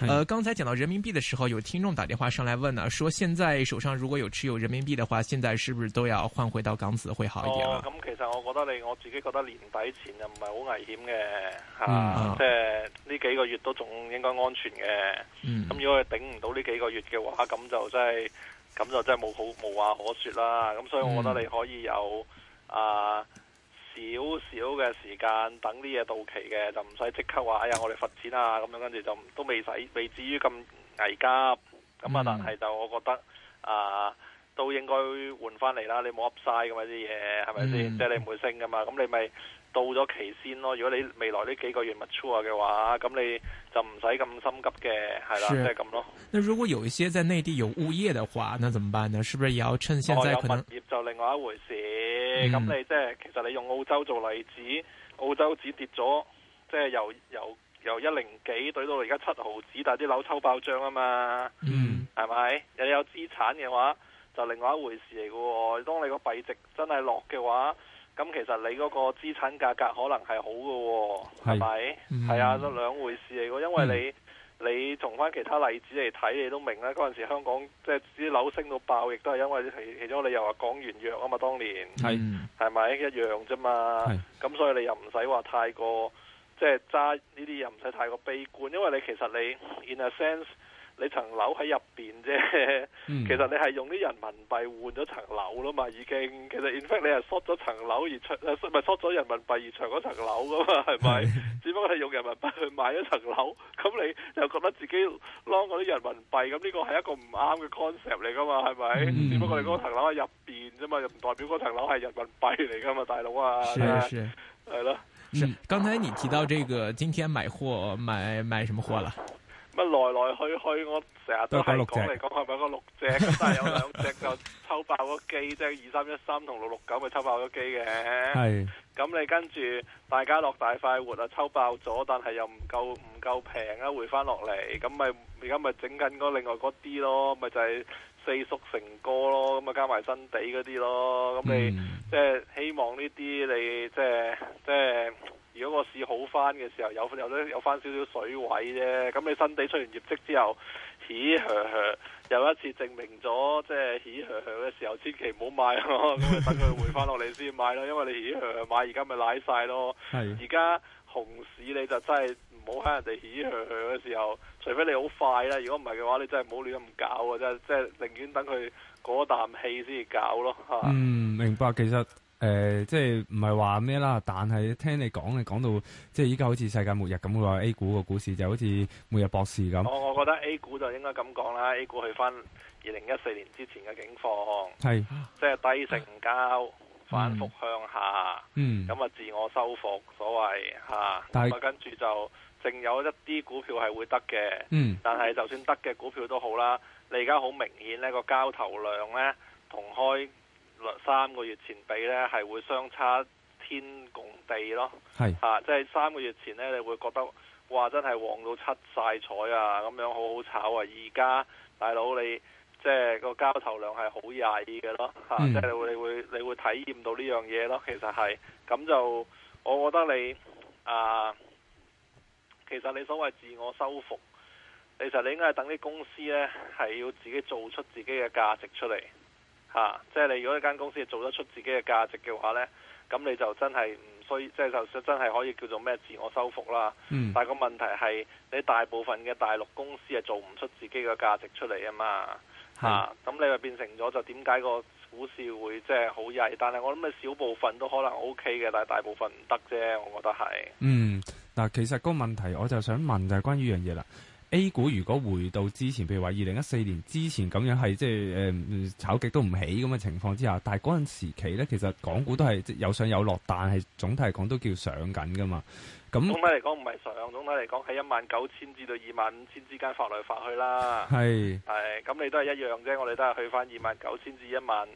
嗯、呃，剛才講到人民幣的時候，有聽眾打電話上來問啊，說現在手上如果有持有人民幣的話，現在是不是都要換回到港紙會好一點？咁其實我覺得你我自己覺得年底前就唔係好危險嘅吓，即係呢幾個月都仲應該安全嘅。咁如果係頂唔到呢幾個月嘅話，咁就真係咁就真係冇好冇話可說啦。咁所以我覺得你可以有啊。哦嗯嗯嗯嗯少少嘅時間等啲嘢到期嘅，就唔使即刻話，哎呀，我哋罰錢啊咁樣，跟住就都未使，未至於咁危急。咁啊，嗯、但係就我覺得啊、呃，都應該換翻嚟啦。你冇噏晒咁啲嘢，係咪先？即係你唔會升㗎嘛，咁你咪。到咗期先咯，如果你未來呢幾個月 mature 嘅話，咁你就唔使咁心急嘅，係啦，即係咁咯。如果有一些在內地有物業嘅話，那怎麼辦呢？是不是也要趁現在可能？有物業就另外一回事，咁、嗯嗯、你即係其實你用澳洲做例子，澳洲只跌咗，即係由由由一零幾對到而家七毫子，但係啲樓抽爆漲啊嘛，嗯，係咪？又有資產嘅話，就是、另外一回事嚟嘅喎。當你個幣值真係落嘅話，咁其實你嗰個資產價格可能係好嘅喎，係咪？係啊，都兩回事嚟嘅，因為你、嗯、你從翻其他例子嚟睇，你都明啦。嗰陣時香港即係啲樓升到爆，亦都係因為其其中你又話講完約啊嘛，當年係係咪一樣啫嘛？咁是，所以你又唔使話太過即係揸呢啲，又唔使太過悲觀，因為你其實你 in a sense。你層樓喺入邊啫，其實你係用啲人民幣換咗層樓啦嘛，已經其實 in fact 你係縮咗層樓而出，咪縮咗人民幣而長嗰層樓噶嘛，係咪？ 只不過係用人民幣去買咗層樓，咁你又覺得自己攞嗰啲人民幣，咁呢個係一個唔啱嘅 concept 嚟噶嘛，係咪？嗯、只不過你嗰層樓喺入邊啫嘛，又唔代表嗰層樓係人民幣嚟噶嘛，大佬啊，係啊係咯。是，剛、嗯、才你提到這個，今天買貨買買什麼貨啦？乜來來去去，我成日都係講嚟講去，咪嗰六隻，咁 但係有兩隻就抽爆咗機，即係二三一三同六六九咪抽爆咗機嘅。係是，咁你跟住大家落大快活啊，抽爆咗，但係又唔夠唔夠平啊，回翻落嚟，咁咪而家咪整緊嗰另外嗰啲咯，咪就係、是、四叔成哥咯，咁啊加埋新地嗰啲咯，咁你、嗯、即係希望呢啲你即係即係。如果個市好翻嘅時候，有有啲有翻少少水位啫。咁你新地出完業績之後，起起起，又一次證明咗，即係起起起嘅時候，千祈唔好買咯。咁你等佢回翻落嚟先買咯。因為你起起起買而家咪瀨晒咯。而家熊市你就真係唔好喺人哋起起起嘅時候，除非你好快啦。如果唔係嘅話，你真係唔好亂咁搞啊！真係即係寧願等佢過啖氣先至搞咯。嗯，明白。其實。誒、呃，即係唔係話咩啦？但係聽你講，你講到即係依家好似世界末日咁話，A 股個股市就好似末日博士咁。我我覺得 A 股就應該咁講啦，A 股去翻二零一四年之前嘅境況，係是即係低成交，反、嗯、復向下，嗯，咁啊自我修復，所謂吓，咁啊跟住是就淨有一啲股票係會得嘅，嗯，但係就算得嘅股票都好啦，你而家好明顯呢、呢個交投量呢，同開。三個月前比，呢，係會相差天共地咯。係吓是、啊，即係三個月前呢，你會覺得哇，真係旺到七晒彩啊，咁樣好好炒啊！而家大佬你即係個交投量係好曳嘅咯，吓、啊，嗯、即係你會你會，你會體驗到呢樣嘢咯。其實係咁就，我覺得你啊，其實你所謂自我修復，其實你應該係等啲公司呢，係要自己做出自己嘅價值出嚟。啊！即係你如果一間公司做得出自己嘅價值嘅話呢，咁你就真係唔需要，即係就是，真係可以叫做咩自我修復啦。嗯、但係個問題係，你大部分嘅大陸公司係做唔出自己嘅價值出嚟，啊嘛。吓、嗯，咁、啊、你咪變成咗就點解個股市會即係好曳？但係我諗咪少部分都可能 OK 嘅，但係大部分唔得啫。我覺得係。嗯，嗱，其實個問題我就想問就係關於樣嘢啦。A 股如果回到之前，譬如話二零一四年之前咁樣，係即係誒、呃、炒極都唔起咁嘅情況之下，但係嗰陣時期呢，其實港股都係有上有落，但係總體嚟講都叫上緊噶嘛。咁總體嚟講唔係上，總體嚟講喺一萬九千至到二萬五千之間發來發去啦。係，係咁你都係一樣啫，我哋都係去翻二萬九千至一萬，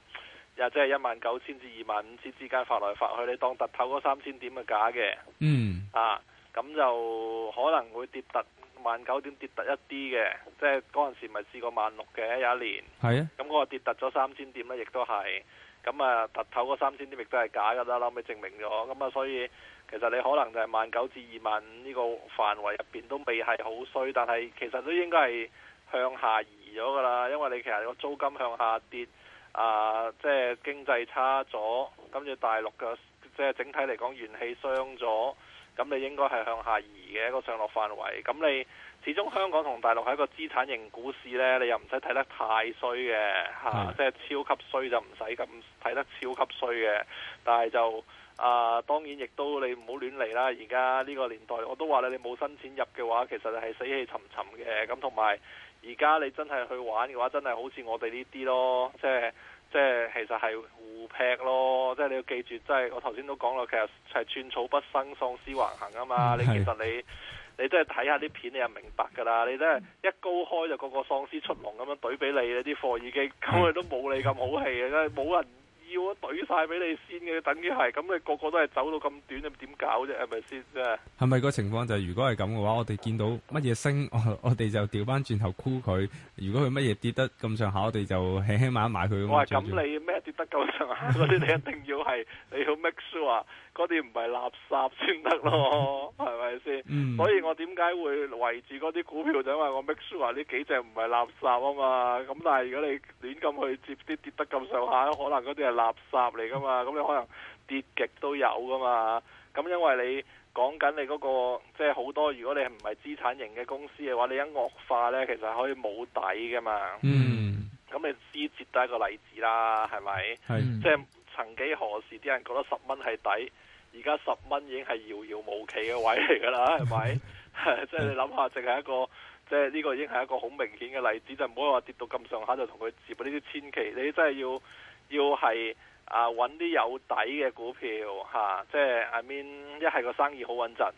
又即係一萬九千至二萬五千之間發來發去，你當突透嗰三千點係假嘅。嗯啊，咁就可能會跌突。萬九點跌得一啲嘅，即係嗰陣時咪試過萬六嘅有一年，係啊的，咁、嗯嗰個、我跌突咗三千點咧，亦都係，咁啊突頭個三千點亦都係假噶啦，後尾證明咗，咁啊所以其實你可能就係萬九至二萬五呢個範圍入邊都未係好衰，但係其實都應該係向下移咗噶啦，因為你其實個租金向下跌啊、呃，即係經濟差咗，跟住大陸嘅即係整體嚟講元氣傷咗。咁你應該係向下移嘅一個上落範圍，咁你始終香港同大陸係一個資產型股市呢，你又唔使睇得太衰嘅嚇，啊、即係超級衰就唔使咁睇得超級衰嘅，但係就啊當然亦都你唔好亂嚟啦。而家呢個年代我都話你，你冇新錢入嘅話，其實係死氣沉沉嘅。咁同埋而家你真係去玩嘅話，真係好似我哋呢啲咯，即係。即係其實係互劈咯，即係你要記住，即係我頭先都講啦，其實係寸草不生，喪屍橫行啊嘛！你其實你你都係睇下啲片，你就明白㗎啦。你都係一高開就個個喪屍出籠咁樣對畀你。你啲貨已經咁，佢都冇你咁好氣嘅，真係冇人。要我懟晒俾你先嘅，等於係咁，你個個都係走到咁短，咁點搞啫？係咪先啫？係咪個情況就係、即係、如果係咁嘅話，我哋見到乜嘢升，我哋就調翻轉頭箍佢；如果佢乜嘢跌得咁上下，我哋就輕輕買一買佢。我話咁你咩跌得咁上下嗰啲， 你一定要係你要 make sure 啊嗰啲唔係垃圾先得咯，係咪先？ 嗯、所以我點解會圍住嗰啲股票？就因為我 m make sure 話呢幾隻唔係垃圾啊嘛。咁但係如果你亂咁去接啲跌得咁上下，可能嗰啲係垃圾嚟噶嘛。咁、嗯、你可能跌極都有噶嘛。咁因為你講緊你嗰、嗰個即係好多，如果你唔係資產型嘅公司嘅話，你一惡化呢，其實可以冇底噶嘛。嗯，咁你思捷都係個例子啦，係咪？是嗯、即係曾幾何時啲人覺得十蚊係底？而家十蚊已經係遙遙無期嘅位嚟㗎啦，係咪？即係 你諗下，淨係一個，即係呢個已經係一個好明顯嘅例子。就唔可以話跌到咁上下就同佢接，呢啲千祈，你真係要要係。啊！揾啲有底嘅股票，吓、啊，即係 I mean，一係個生意好穩陣，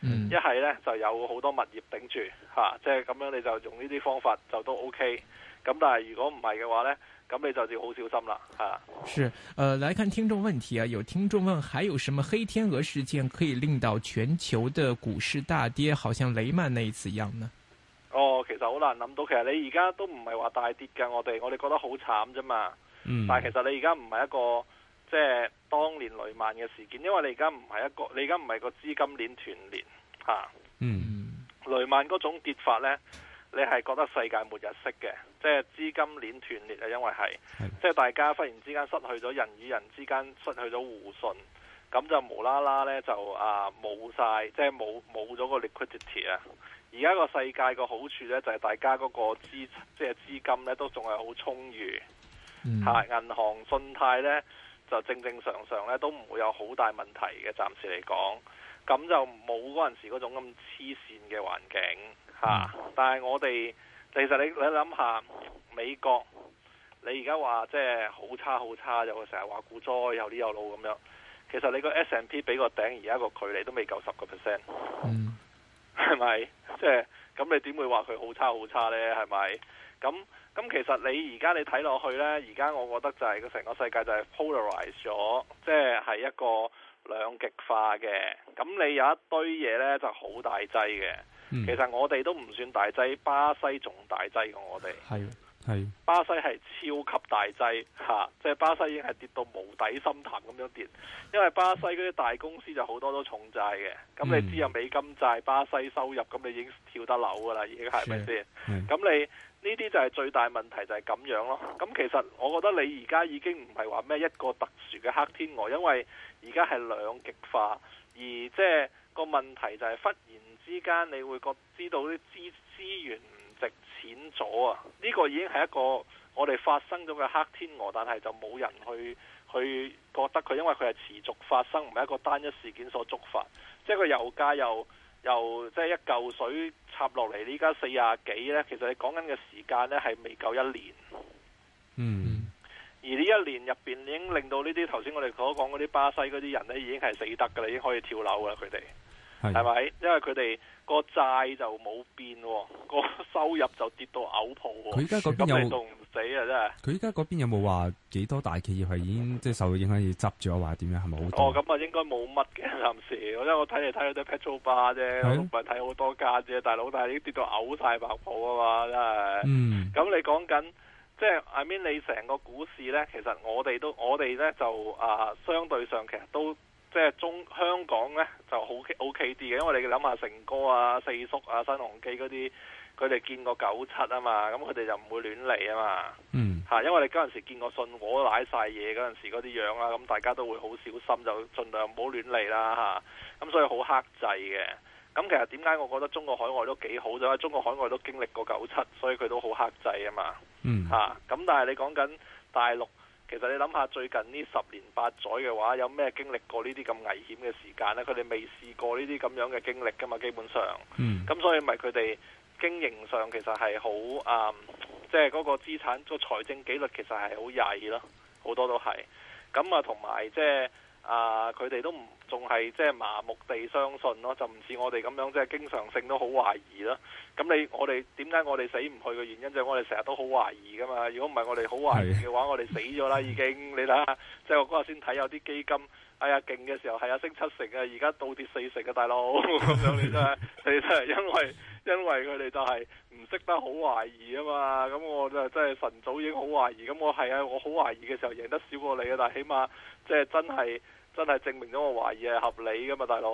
嗯，一係咧就有好多物業頂住，吓、啊，即係咁樣你就用呢啲方法就都 OK。咁但係如果唔係嘅話咧，咁你就要好小心啦，吓、啊。是，誒、呃，來看聽眾問題啊，有聽眾問，還有什麼黑天鵝事件可以令到全球嘅股市大跌，好像雷曼那一次一樣呢？哦，其實好難諗到，其實你而家都唔係話大跌噶，我哋我哋覺得好慘啫嘛。嗯、但係其實你而家唔係一個，即係當年雷曼嘅事件，因為你而家唔係一個，你而家唔係個資金鏈斷裂嚇。啊、嗯，雷曼嗰種跌法呢，你係覺得世界末日式嘅，即係資金鏈斷裂啊，因為係的即係大家忽然之間失去咗，人與人之間失去咗互信，咁就無啦啦呢，就啊冇晒，即係冇冇咗個 liquidity 啊。而家個世界個好處呢，就係、是、大家嗰個資即係、就是、資金呢都仲係好充裕。吓，銀、嗯、行信貸咧就正正常常咧都唔會有好大問題嘅，暫時嚟講，咁就冇嗰陣時嗰種咁黐線嘅環境吓。啊嗯、但係我哋其實你你諗下，美國你而家話即係好差好差，又成日話股災，有紋有路咁樣，其實你 S 個 S and P 俾個頂而家個距離都未夠十個 percent，係咪？即係咁你點會話佢好差好差咧？係咪？咁咁其實你而家你睇落去呢，而家我覺得就係個成個世界就係 polarize 咗，即係係一個兩極化嘅。咁你有一堆嘢呢就好、是、大劑嘅。嗯、其實我哋都唔算大劑，巴西仲大劑過我哋。係巴西係超級大劑嚇，即、啊、係、就是、巴西已經係跌到無底深潭咁樣跌。因為巴西嗰啲大公司就好多都重債嘅。咁你知有美金債巴西收入，咁你已經跳得了樓噶啦，已經係咪先？咁你。呢啲就係最大問題，就係咁樣咯。咁其實我覺得你而家已經唔係話咩一個特殊嘅黑天鵝，因為而家係兩極化，而即係個問題就係忽然之間你會覺知道啲資資源唔值錢咗啊！呢個已經係一個我哋發生咗嘅黑天鵝，但係就冇人去去覺得佢，因為佢係持續發生，唔係一個單一事件所觸發，即係個油價又。由即係、就是、一嚿水插落嚟，依家四廿幾呢？其實你講緊嘅時間呢，係未夠一年。嗯，而呢一年入邊已經令到呢啲頭先我哋所講嗰啲巴西嗰啲人呢，已經係死得噶啦，已經可以跳樓啦，佢哋。係，係咪？因為佢哋個債就冇變，個、哦、收入就跌到嘔泡。佢依家嗰邊有咁仲唔死啊？真係。佢依家嗰邊有冇話幾多大企業係已經即係、就是、受影響而執住啊？話點樣係咪好？是是哦，咁啊，應該冇乜嘅暫時。我因為我睇嚟睇去都 Petrobras 啫，唔係睇好多家啫。大佬，但係已經跌到嘔晒爆泡啊嘛，真係。嗯。咁你講緊即係 I mean, 你成個股市咧，其實我哋都我哋咧就啊相對上其實都。即係中香港呢就好 O K 啲嘅，因為你諗下成哥啊、四叔啊、新鴻基嗰啲，佢哋見過九七啊嘛，咁佢哋就唔會亂嚟啊嘛。嗯，嚇，因為你嗰陣時見過信和都瀨晒嘢嗰陣時嗰啲樣啊，咁大家都會好小心，就盡量唔好亂嚟啦嚇。咁、啊啊、所以好克制嘅。咁、啊、其實點解我覺得中國海外都幾好？就因為中國海外都經歷過九七，所以佢都好克制啊嘛。嗯，嚇、啊。咁但係你講緊大陸。其實你諗下，最近呢十年八載嘅話，有咩經歷過呢啲咁危險嘅時間咧？佢哋未試過呢啲咁樣嘅經歷噶嘛，基本上。咁、嗯、所以咪佢哋經營上其實係好啊，即係嗰個資產、個財政紀律其實係好曳咯，好多都係。咁啊，同埋即係。就是啊！佢哋都唔仲係即係麻木地相信咯，就唔似我哋咁樣即係經常性都好懷疑咯。咁，你我哋點解我哋死唔去嘅原因就係我哋成日都好懷疑噶嘛。如果唔係我哋好懷疑嘅話，我哋死咗啦 已經。你睇下，即係我嗰日先睇有啲基金，哎呀勁嘅時候係啊升七成啊，而家倒跌四成啊，大佬，咁樣你真係你真係因為。因為佢哋就係唔識得好懷疑啊嘛，咁、嗯、我就真係晨早已經好懷疑，咁我係啊，我好懷疑嘅時候贏得少過你啊，但係起碼即係真係真係證明咗我懷疑係合理噶嘛，大佬。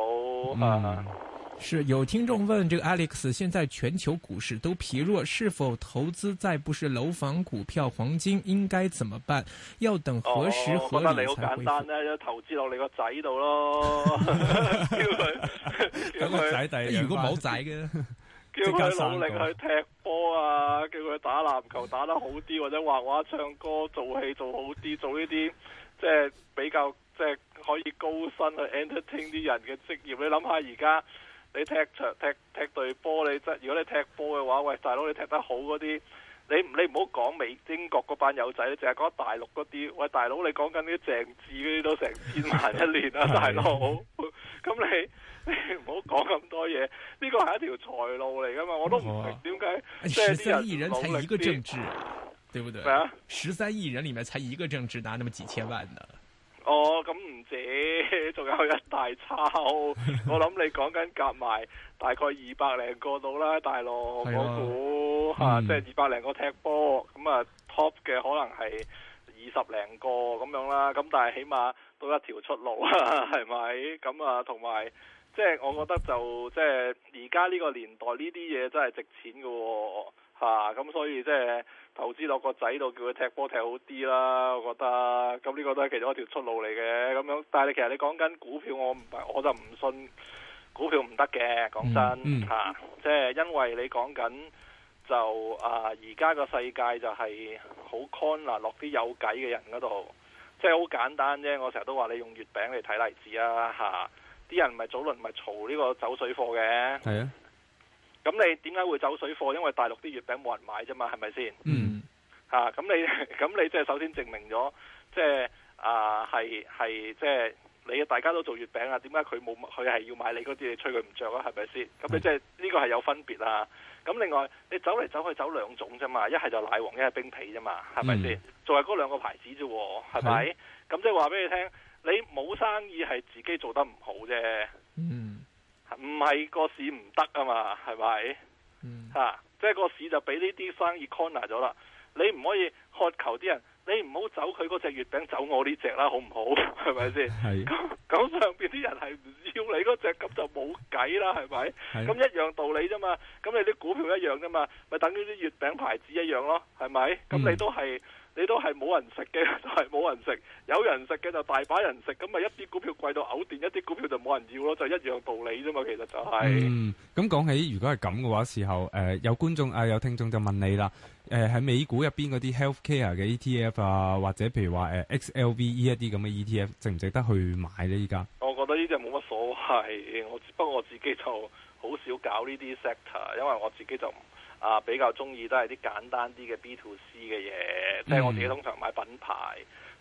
嗯。是有聽眾問，這個 Alex，現在全球股市都疲弱，是否投資再不是樓房、股票、黃金，應該怎麼辦？要等何時合理才恢復、哦、我覺得你好簡單咧，投資落你個仔度咯，叫佢， 叫佢仔仔。如果冇仔嘅叫佢努力去踢波啊！叫佢打籃球打得好啲，或者畫畫、唱歌、做戲做好啲，做呢啲即係比較即係、就是、可以高薪去 entertain 啲人嘅職業。你諗下，而家你踢場踢踢隊波，你真係如果你踢波嘅話，喂大佬你踢得好嗰啲，你你唔好講美英國嗰班友仔，你淨係講大陸嗰啲。喂大佬，你講緊啲正字嗰啲都成千萬一年啦，大佬。咁你。唔好講咁多嘢，呢個係一條財路嚟噶嘛，我都唔明、哦、點解即係啲人十三億人才一個政治，對唔對？係啊，十三億人裏面才一個政治，拿那麼幾千萬呢、哦。哦，咁唔止，仲有一大抄。 我諗你講緊夾埋大概二百零個到啦，大陸我估，吓，即係二百零個踢波，咁啊 top 嘅可能係二十零個咁樣啦。咁但係起碼都一條出路啊，係咪？咁啊，同埋。即係我覺得就即係而家呢個年代呢啲嘢真係值錢嘅喎嚇，咁、啊、所以即係投資落個仔度叫佢踢波踢好啲啦，我覺得咁呢個都係其中一條出路嚟嘅咁樣。但係你其實你講緊股票，我唔係我就唔信股票唔得嘅，講真嚇、啊，即係因為你講緊就啊而家個世界就係好 con nor，落啲有計嘅人嗰度，即係好簡單啫。我成日都話你用月餅嚟睇例子啊吓。啲人唔係早輪唔係嘈呢個走水貨嘅，係啊的，咁你點解會走水貨？因為大陸啲月餅冇人買啫嘛，係咪先？嗯，嚇、啊，咁你咁你即係首先證明咗，即係啊係係即係你大家都做月餅啊，點解佢冇佢係要買你嗰啲，吹佢唔着啊？係咪先？咁你即係呢個係有分別啦、啊。咁另外你走嚟走去走兩種啫嘛，一係就奶黃，一係冰皮啫嘛，係咪先？就係嗰兩個牌子啫喎，係咪？咁的、嗯、即係話俾你聽。你冇生意係自己做得唔好啫，唔係，嗯，個市唔得啊嘛，係咪？嚇、嗯啊，即係個市就俾呢啲生意 corner 咗啦。你唔可以渴求啲人，你唔好走佢嗰隻月餅走我呢隻啦，好唔好？係咪先？係是。咁 上邊啲人係唔要你嗰隻，咁就冇計啦，係咪？咁是一樣道理啫嘛，咁你啲股票一樣啫嘛，咪等於啲月餅牌子一樣咯，係咪？咁你都係。嗯你都係冇人食嘅，都係冇人食；有人食嘅就大把人食。咁咪一啲股票貴到嘔電，一啲股票就冇人要咯，就係一樣道理啫嘛。其實就係。嗯，咁講起如果係咁嘅話，時候誒有觀眾啊有聽眾就問你啦。誒喺美股入邊嗰啲 health care 嘅 ETF 啊，或者譬如話誒 XLV 一啲咁嘅 ETF，值唔值得去買呢？依家我覺得呢啲冇乜所謂，我只不過我自己就好少搞呢啲 sector，因為我自己就。啊，比較中意都係啲簡單啲嘅 B to C 嘅嘢，即係、嗯、我自己通常買品牌，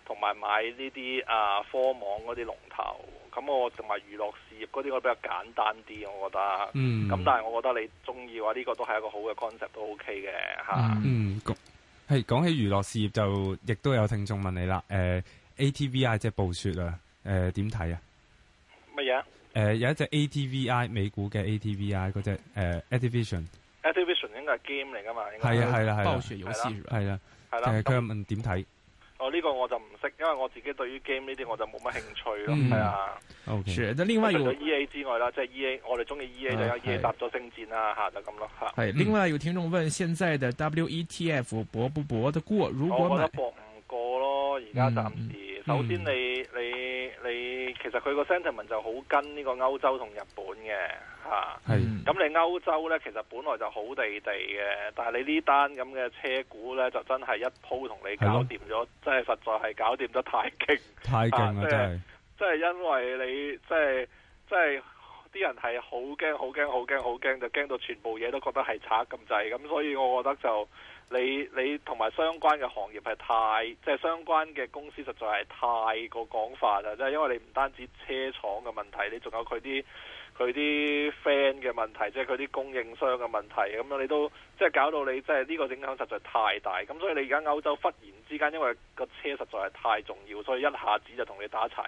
同埋買呢啲啊科網嗰啲龍頭。咁我同埋娛樂事業嗰啲我比較簡單啲，我覺得。咁、嗯、但係我覺得你中意嘅話，呢、呢個都係一個好嘅 concept，都 OK 嘅嚇。嗯，啊、嗯係講起娛樂事業就亦都有聽眾問你啦。誒、呃、ATVI 即係暴雪啊。誒、呃，點睇啊？乜嘢麼？誒、呃、有一隻 ATVI 美股嘅 ATVI 嗰隻誒 Activision。Activision。係 game 嚟噶嘛？係啊，係啦，係啦，係啦。係啦，佢問點睇？哦，呢個我就唔識，因為我自己對於 game 呢啲我就冇乜興趣咯。係啊，O K。是，另外除咗 E A 之外啦，即係 E A，我哋中意 E A 就有 E A 搭咗星戰啦，吓就咁咯。吓。係，另外有聽眾問，現在嘅 WETF 博不博得過？我覺得博唔過咯，而家暫時。首先，你你。其實佢個 sentiment 就好跟呢個歐洲同日本嘅嚇，咁、啊嗯、你歐洲呢，其實本來就好地地嘅，但係你呢單咁嘅車股呢，就真係一鋪同你搞掂咗，的真係實在係搞掂得太勁太勁啦！即係、啊就是、因為你即係即係啲人係好驚好驚好驚好驚，就驚、是、到、就是、全部嘢都覺得係賊咁滯，咁所以我覺得就。你你同埋相關嘅行業係太，即係相關嘅公司實在係太過廣泛啦，即係因為你唔單止車廠嘅問題，你仲有佢啲佢啲 friend 嘅問題，即係佢啲供應商嘅問題咁樣，你都即係搞到你即係呢個影響實在太大，咁所以你而家歐洲忽然之間因為個車實在係太重要，所以一下子就同你打柴。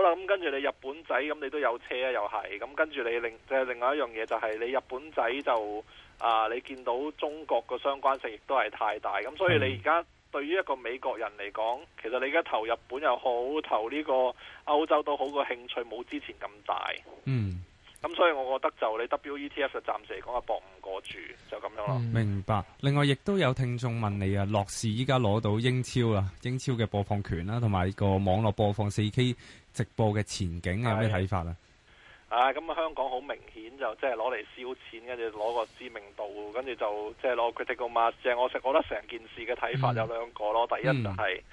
好啦，咁跟住你日本仔咁，你都有車啊，又係咁，跟住你另即係、就係、另外一樣嘢，就係你日本仔就啊、呃，你見到中國個相關性亦都係太大，咁所以你而家對於一個美國人嚟講，其實你而家投日本又好，投呢個歐洲都好，個興趣冇之前咁大。嗯。咁、嗯、所以我覺得就你 WETF 就暫時嚟講係搏唔過住，就咁樣咯。明白。另外亦都有聽眾問你啊，樂視依家攞到英超啊，英超嘅播放權啦，同埋個網絡播放四 K 直播嘅前景的有咩睇法啊？啊，咁啊香港好明顯就即係攞嚟燒錢，跟住攞個知名度，跟住就即係攞佢哋個碼。即係我成，我覺得成件事嘅睇法有兩個咯。嗯、第一就係、是，嗯、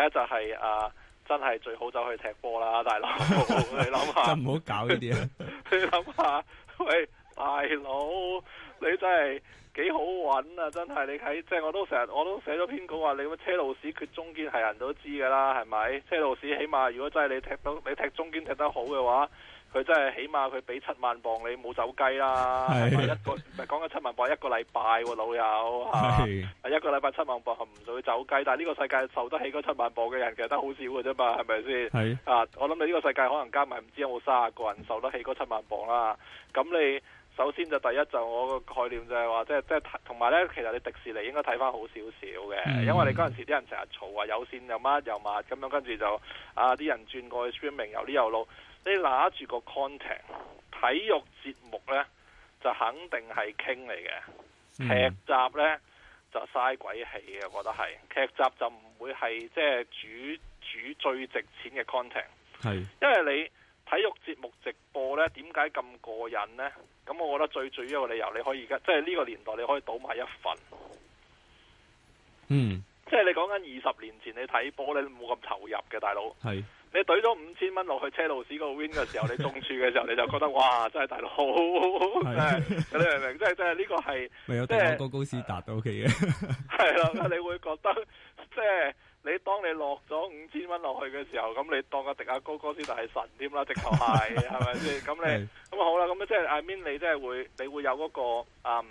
第一就係、是、啊。真係最好走去踢波啦，大佬！ 你諗下，真唔好搞呢啲啊！你諗下，喂，大佬，你真係幾好揾啊！真係你睇，即係我都成日我都寫咗篇稿話你咁車路士缺中堅，係人都知㗎啦，係咪？車路士起碼如果真係你踢到，你踢中堅踢得好嘅話。佢真係起碼，佢俾七萬磅你冇走雞啦，係是一個？咪講緊七萬磅一個禮拜喎，老友嚇，啊、是一個禮拜七萬磅係唔會走雞，但係呢個世界受得起嗰七萬磅嘅人其實都好少嘅啫嘛，係咪先？係是啊，我諗你呢個世界可能加埋唔知有冇三十個人受得起嗰七萬磅啦。咁你首先就第一就我個概念就係話，即係即係同埋咧，其實你迪士尼應該睇翻好少少嘅，是因為你嗰陣時啲人成日嘈話有線又乜又乜咁樣，跟住就啊啲人轉過去 streaming 又呢又路。你拿住個 content，體育節目呢就肯定係傾嚟嘅，嗯，劇集呢就嘥鬼氣嘅，我覺得係劇集就唔會係即係主主最值錢嘅 content 是。係，因為你體育節目直播呢點解咁過癮呢？咁我覺得最主要一個理由，你可以而家即係呢個年代，你可以倒埋一份。嗯，即係你講緊二十年前你睇波你冇咁投入嘅，大佬。係。你懟咗五千蚊落去車路士個 win 嘅時候，你中柱嘅時候，你就覺得哇，真係大佬，係， 你明唔明？即係即係呢個係即係高高斯達到嘅嘢，係啦，你會覺得即係你當你落咗五千蚊落去嘅時候，咁你當阿迪亞高哥斯達係神添啦，直頭係，係咪先？咁 你咁啊好啦，咁啊即係阿 m i n mean 你即係會你會有嗰、嗰個嗯。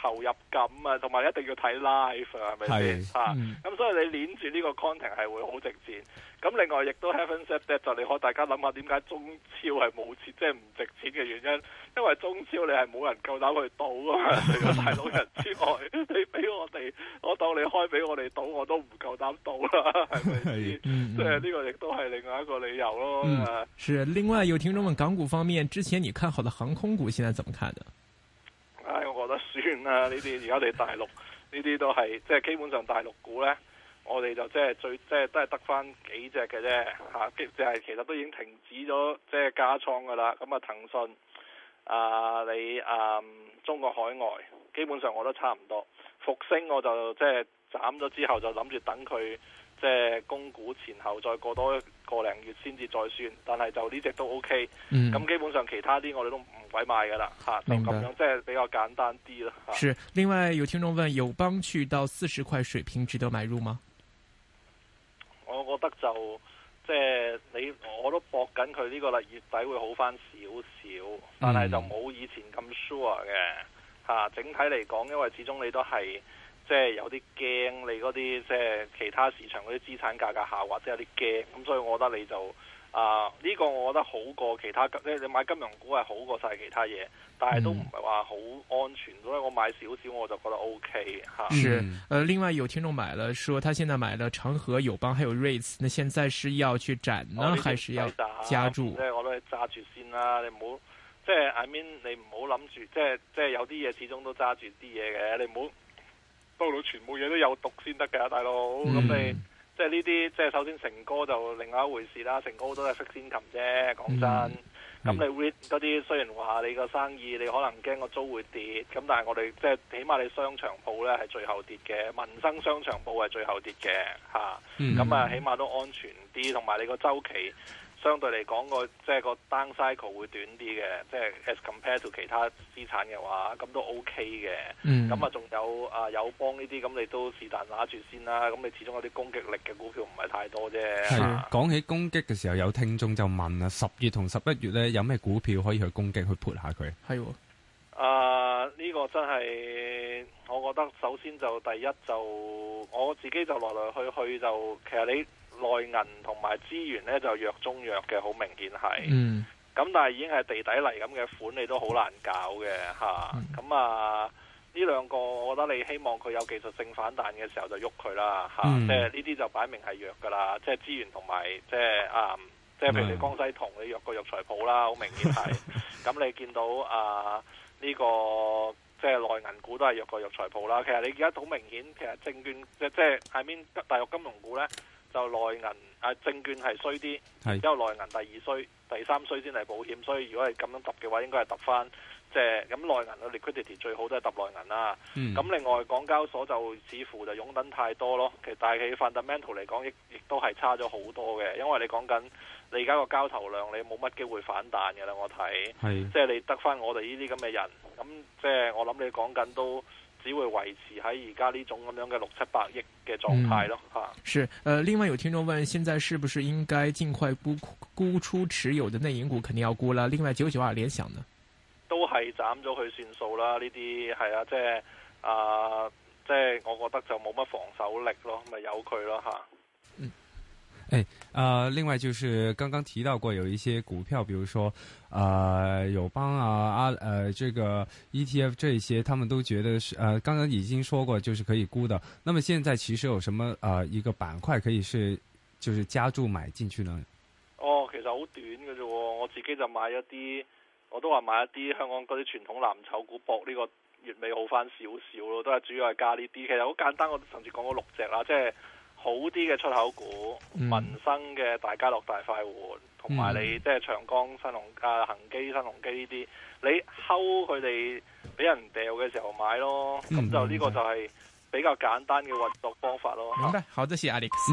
投入感啊，同埋一定要睇 live、嗯、啊，係咪先啊？咁、嗯、所以你拎住呢個 content 係會好值錢。咁另外亦都 haven't said that，就你可大家諗下點解中超係冇錢，即係唔值錢嘅原因？因為中超你係冇人夠膽去賭啊，除咗 大陸人之外，你俾我哋我當你開俾我哋賭，我都唔夠膽賭啦、啊，係咪先？即係呢個亦都係另外一個理由咯。嗯、是另外有聽眾問港股方面，之前你看好嘅航空股，現在怎麼看的？呢啲而家哋大陸呢啲都係，即係基本上大陸股呢，我哋就即係最即係都係得翻幾隻嘅啫嚇，即係其實都已經停止咗即係加倉噶啦。咁啊，騰訊啊，你啊中國海外，基本上我都差唔多，復星我就即係斬咗之後就諗住等佢。即係供股前後再過多一個零月先至再算，但係就呢隻都 O、OK, K、嗯。咁基本上其他啲我哋都唔鬼買噶啦嚇。咁明白、啊、樣即係比較簡單啲啦。是、另外有聽眾問友邦去到四十塊水平，值得買入嗎？我覺得就即係、就是、你我都搏緊佢呢個啦，月底會好翻少少，但係就冇以前咁 sure 嘅嚇、啊。整體嚟講，因為始終你都係。即係有啲驚，你嗰啲即係其他市場嗰啲資產價格下滑，都有啲驚咁，所以我覺得你就啊呢、呃這個，我覺得好過其他即係你買金融股係好過晒其他嘢，但係都唔係話好安全所以、嗯、我買少少我就覺得 O K 嚇。嗯、呃、另外有聽眾買了，說他現在買了長和、友邦，還有 r 瑞斯，那現在是要去斬呢，哦、還是要加注？即係、哦、我都揸住先啦，你唔好即係 I mean，你唔好諗住，即係即係有啲嘢始終都揸住啲嘢嘅，你唔好。不過，全部嘢都有毒先得㗎，大佬、嗯。咁你即係呢啲，即係首先成哥就另外一回事啦。成哥都係識先琴啫，講真。咁、嗯、你 read 嗰啲，的雖然話你個生意你可能驚個租會跌，咁但係我哋即係起碼你商場鋪咧係最後跌嘅，民生商場鋪係最後跌嘅嚇。咁啊，嗯、起碼都安全啲，同埋你個周期。相對嚟講個即係個 down cycle 會短啲嘅，即係 as compared to 其他資產嘅話，咁都 OK 嘅。咁啊、嗯，仲有啊友邦呢啲，咁、呃、你都是但拿住先啦。咁你始終有啲攻擊力嘅股票唔係太多啫。係講的、啊、起攻擊嘅時候，有聽眾就問啊，十月同十一月呢，有咩股票可以去攻擊去撥下佢？係啊的，呢、呃這個真係我覺得首先就第一就我自己就來來去下去，去就其實你。內銀同埋資源咧就弱中弱嘅，好明顯係。咁、嗯、但係已經係地底泥咁嘅款，你都好難搞嘅嚇。咁啊，呢、嗯嗯啊、兩個我覺得你希望佢有技術性反彈嘅時候就喐佢啦嚇。啊嗯、即係呢啲就擺明係弱噶啦，即係資源同埋即係啊，即係譬、嗯、如你江西銅，你弱過藥材鋪啦，好明顯係。咁 你見到啊呢、呢個即係內銀股都係弱過藥材鋪啦。其實你而家好明顯，其實證券即係即係下面大陸金融股咧。就內銀啊，證券係衰啲，因是後內銀第二衰，第三衰先係保險。所以如果係咁樣揼嘅話，應該係揼翻即係咁內銀啦。liquidity 最好都係揼內銀啦。咁、嗯、另外港交所就似乎就擁躉太多咯。其實但係佢 fundamental 嚟講，亦亦都係差咗好多嘅。因為你講緊你而家個交投量，你冇乜機會反彈嘅啦。我睇，即係是你得翻我哋呢啲咁嘅人，咁即係我諗你講緊都。只會維持喺而家呢種咁樣嘅六七百億嘅狀態咯，吓、嗯。啊、是、呃，另外有聽眾問，現在是不是應該盡快沽沽出持有的內銀股？肯定要沽啦。另外，九九二聯想呢？都係斬咗佢算數啦，呢啲係啊，即係啊，即係我覺得就冇乜防守力咯，咪由佢咯，吓、啊。哎，呃，另外就是剛剛提到過有一些股票，比如說，呃，友邦啊，阿、啊，呃，這個 ETF，這些他們都覺得是，呃，剛剛已經說過就是可以沽的。那麼現在其實有什麼，呃，一個板塊可以是，就是加注買進去呢？哦，其實好短嘅啫，我自己就買一啲，我都話買一啲香港嗰啲傳統藍籌股博，呢、這個月尾好翻少少咯，都係主要係加呢啲。其實好簡單，我甚至講過六隻啦，即係。好啲嘅出口股、嗯、民生嘅大家樂、大快活，同埋你、嗯、即係長江、新鴻啊、恒基、新鴻基呢啲，你睺佢哋俾人掉嘅時候買咯，咁、嗯、就呢個就係比較簡單嘅運作方法咯。嗯嗯、好，嘅好，多謝 is Alex、嗯。